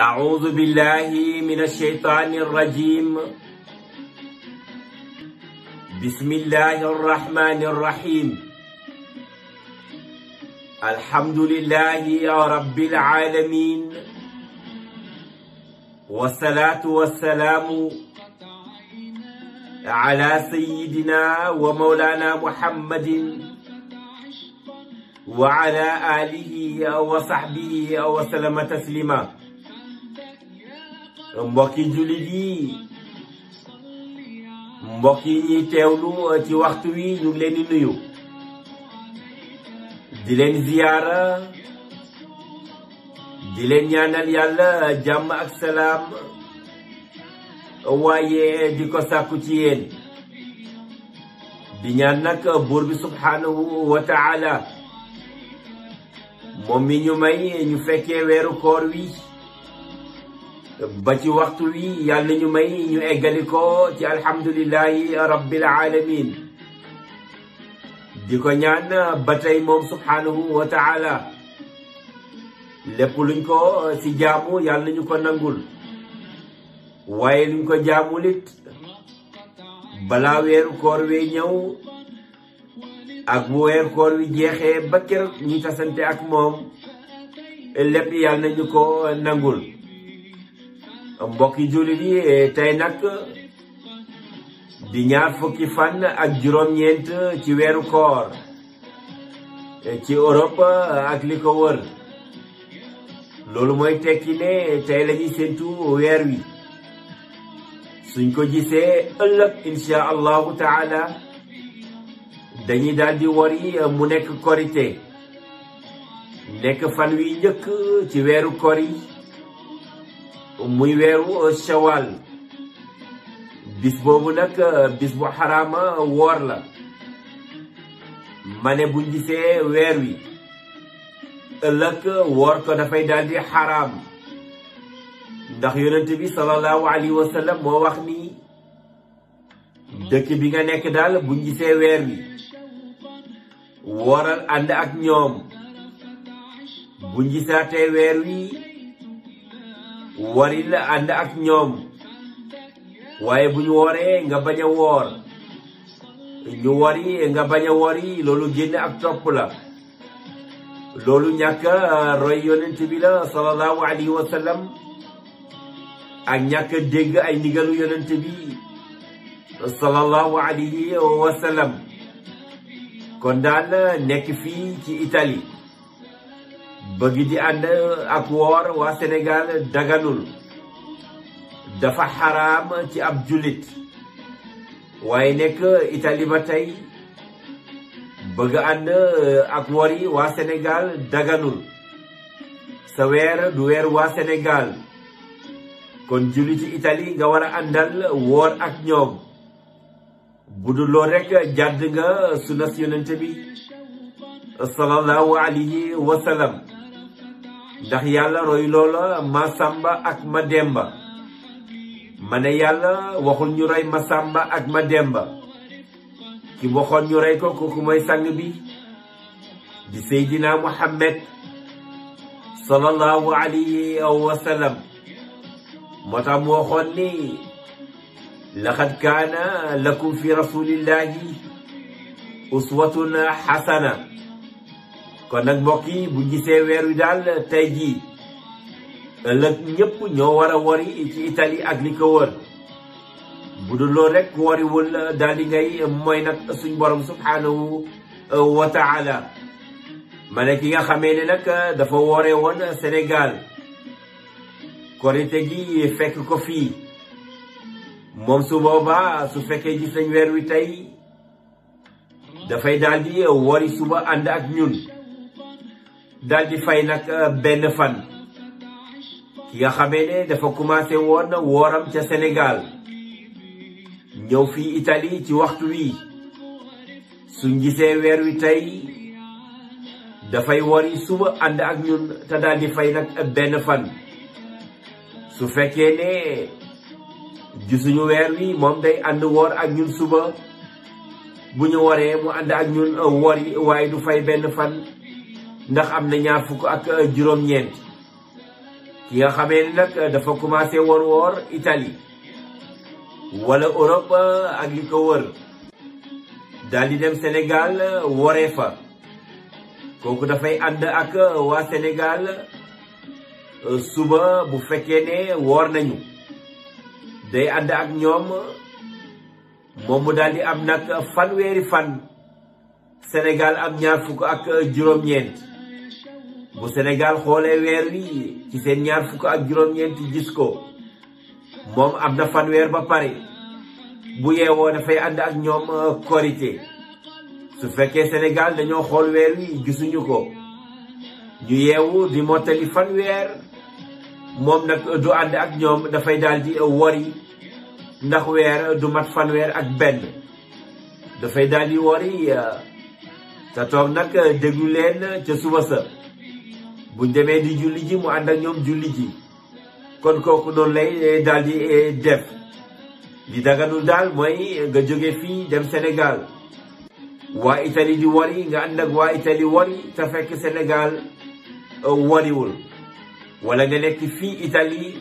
أعوذ بالله من الشيطان الرجيم بسم الله الرحمن الرحيم الحمد لله يا رب العالمين والصلاة والسلام على سيدنا ومولانا محمد وعلى آله وصحبه وسلم تسليما mbokki jullit yi mbokk yi ñuy teewlu ci waxtu wi ñu ngi leen di nuyu di leen ziyaara di leen ñaanal yàlla jàmm ak salaam waaye di ko sàkku ci yéen di ñaan nag buur bi subhanahu wa taala moom mi ñu may ñu fekkee weeru koor wi ba ci waxtu wi yàlla na ñu may ñu eggali ko ci alhamdulillahi rabbil alamin di ko ñaan ba tey moom subhanahu wa taala lépp luñ ko ci uh, jaamu yàlla na ñu ko nangul waaye luñ ko jaamulit balaa weeru koor wee ñëw ak bu weeru koor wi jeexee ba keroog ñu tasante ak moom lépp yàlla na ñu ko nangul mbokki jullit yi eh, tey nag di ñaar fukki fan ak juróom-ñeent ci weeru koor eh, ci Europe eh, ak li ko wër loolu mooy tekki ne tey la ñuy weer wi suñ ko gisee ëllëg insha allahu taala dañuy daal di war mu nekk korite nekk fan wi njëkk ci weeru kor yi muy weeru shawal bis boobu nag euh, bis bu xaraama woor la ma bu buñ weer wi ëllëg woor ko dafay daal di ndax yonent bi sallallahu alayhi wa moo wax ni dëkk bi nga nekk daal bu gisee weer wi wooral ànd ak ñoom bu gisaatee weer wi wari la ak ñoom waaye bu ñu wooree nga bañ a woor ñu wari nga bañ wori loolu génn ak topp la loolu ñàkk roy yonent bi la sallallahu alayhi wa sallam ak ñàkk dégg ay ndigalu yonent bi sallallahu alayhi wa sallam kon daal nekk fii ci Italie bëgg di ànd ak woor waa Sénégal daganul dafa xaraam ci ab jullit waaye nekk Italie ba tey bëgg ànd eh, ak woor waa Sénégal daganul sa weer du weer waa Sénégal kon julliti Italie nga war a àndal woor ak ñoom bu dul lool rek jàdd nga sunnas yonente bi sallallahu alayhi wa ndax yàlla roy loola ma sàmba ak ma demba ma yàlla waxul ñu rey ma sàmba ak ma demba ki waxoon ñu rey ko kooku mooy sang bi di seydina muhammad sallallahu alayhi wa sallam moo tax mu ni laqad kaana lakum fi rasulillahi uswatun hasana kon nag mbokk yi bu gisee weer wi daal tey jii ëllëg ñépp ñoo war a wari ci Italie ak li ko wër bu dul loolu rek wariwul uh, daal di ngay uh, mooy nag suñ boroom subhanahu uh, wa taala ma ki nga xamee ne nag dafa woore woon Sénégal korite gi fekk ko fii moom su boobaa su fekkee gis nañ weer wi tey dafay daal di wari suba ànd ak ñun daldi di fay nag euh, benn fan ki nga xamee ne dafa commencé woon wooram ca senegaal ñëw fii Italie ci waxtu wi suñ gisee weer wi tey dafay wori suba ànd ak ñun te daal fay nag euh, benn fan su fekkee ne gisuñu weer wi moom day ànd woor ak ñun suba bu ñu waree mu ànd ak ñun euh, wori waaye du fay benn fan ndax am na ñaar fukk ak euh, juróom-ñeent ki nga xamee nag euh, dafa commencé wor woor Italie wala Europe euh, ak li ko wër daal di dem senegal woree fa kooku dafay ànd ak waa Sénégal suba bu fekkee ne woor nañu day ànd ak ñoom moom mu daal di am nag fanweeri fan Sénégal am ñaar fukk ak juróom-ñeent bu senegaal xoolee weer wi ci seen ñaar fukk ak juróom-ñeenti gis ko moom am na fanweer ba pare bu yeewoo dafay ànd ak ñoom euh, korité su fekkee Sénégal dañoo xool weer wi gisuñu ko ñu yeewu di mottali fanweer moom nag euh, du ànd ak ñoom dafay daal di euh, wori ndax weer du mat fanweer ak benn dafay daal di wori te toog nag déglu leen ca suba sa bu demee di julli ji mu ànd ak ñoom julli ji kon kooku doon lay eh, daal di eh, def li daganul daal mooy nga jóge fii dem senegal waa Italie di wari nga ànd ak waa Italie wari te fekk Sénégal eh, wariwul wala nga nekk fii Italie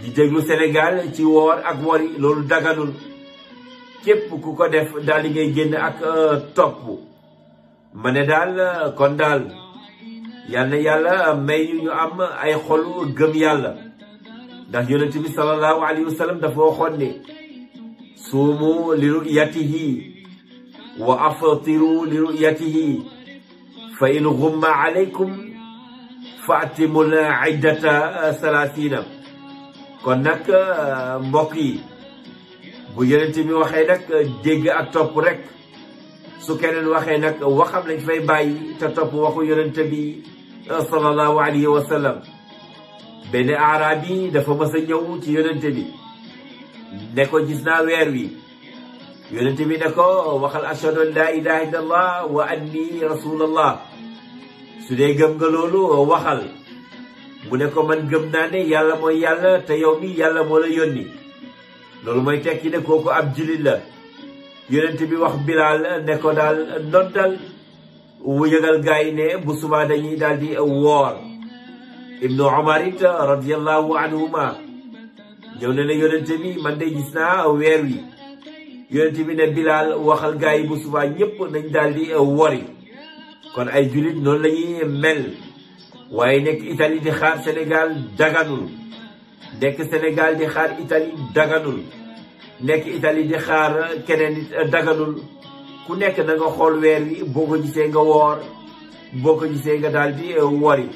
di déglu Sénégal ci woor ak wari loolu daganul képp ku ko def daal ngay génn ak topp ma ne daal kon daal yal na yàlla may ñu am ay xolu gëm yàlla ndax yonent bi sallallahu alayhi wa sallam dafa waxoon ne suumu li ru'yatihi wa aftiru li ru'yatihi fa in ghumma alaykum faatimul iddata salaasina kon nag mbokk yi bu yonent bi waxee nag dégg ak topp rek su keneen waxee nag waxam lañ fay bàyyi te topp waxu yonente bi euh, sallallahu alayhi wa sallam benn arab yi dafa mas a ñëw ci yonente bi ne ko gis naa weer wi yonente bi ne ko waxal ashhadu laa ilaha illa wa anni rasulullah su dee gëm nga loolu waxal mu ne ko man gëm naa ne yàlla mooy yàlla te yow mi yàlla moo la yónni loolu mooy tekki ne kooku ab jullit la yonent bi wax Bilaal ne ko daal noddal wu yëgal gaay ne bu subaa dañuy daal di woor ibnu Umar it radiallahu anhuma ñëw ne ne yonent bi man de gis naa weer wi yonent bi ne Bilaal waxal gaay bu subaa ñëpp nañ daal wori kon ay jullit noonu la ñuy mel waaye nekk Italie di xaar Sénégal daganul nekk Sénégal di xaar Italie daganul nekk Italie di xaar keneen eh, daganul ku nekk na xool weer wi boo ko gisee nga woor boo ko gisee nga daal di eh, wori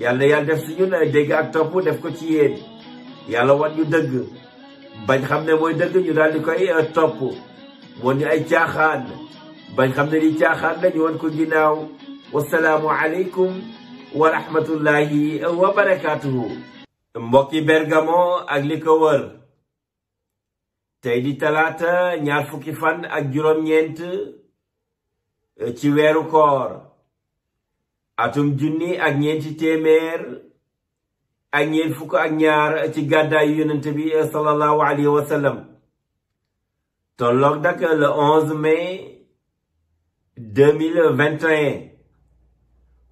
yàlla yàlla def suñu eh, dégg ak topp def ko ci yéen yàlla wan ñu dëgg bañ xam ne mooy dëgg ñu daal di koy topp wan ñu ay caaxaan bañ xam ne di caaxaan la ñu wan ko ginnaaw wasalaamu aleykum wa rahmatullahi wa barakaatuhu mbokki Bergamo ak li ko wër tey di talaata ñaar fukki fan ak juróom-ñeent eh, ci weeru koor atum junni ak ñeenti téeméer ak ñeent fukk ak ñaar ci gàddaayu yonent bi eh, sallallahu alayhi wa sallam tolloog dak eh, le 11 mai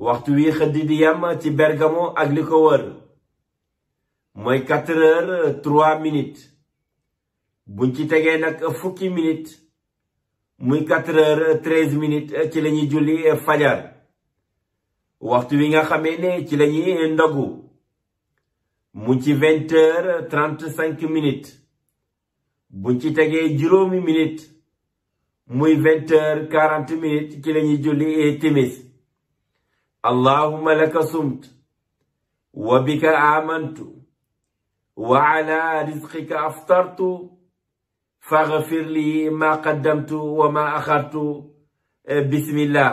waxtu wi xëddi di yam ci Bergamo ak li ko wër mooy 4 heures 3 minutes buñ ci tegee nag fukki minute muy quatre heures treize minutes ci la ñuy julli fajar waxtu wi nga xamee ne ci la ñuy ndogu mu ci vingt heures trente cinq minutes buñ ci tegee juróomi muy vingt heures quarante minutes ci la ñuy julli timis allahumma laka sumt wa bika amantu wa ala rizqika aftartu faghfir li ma qaddamtu wa ma axartu eh, bismillah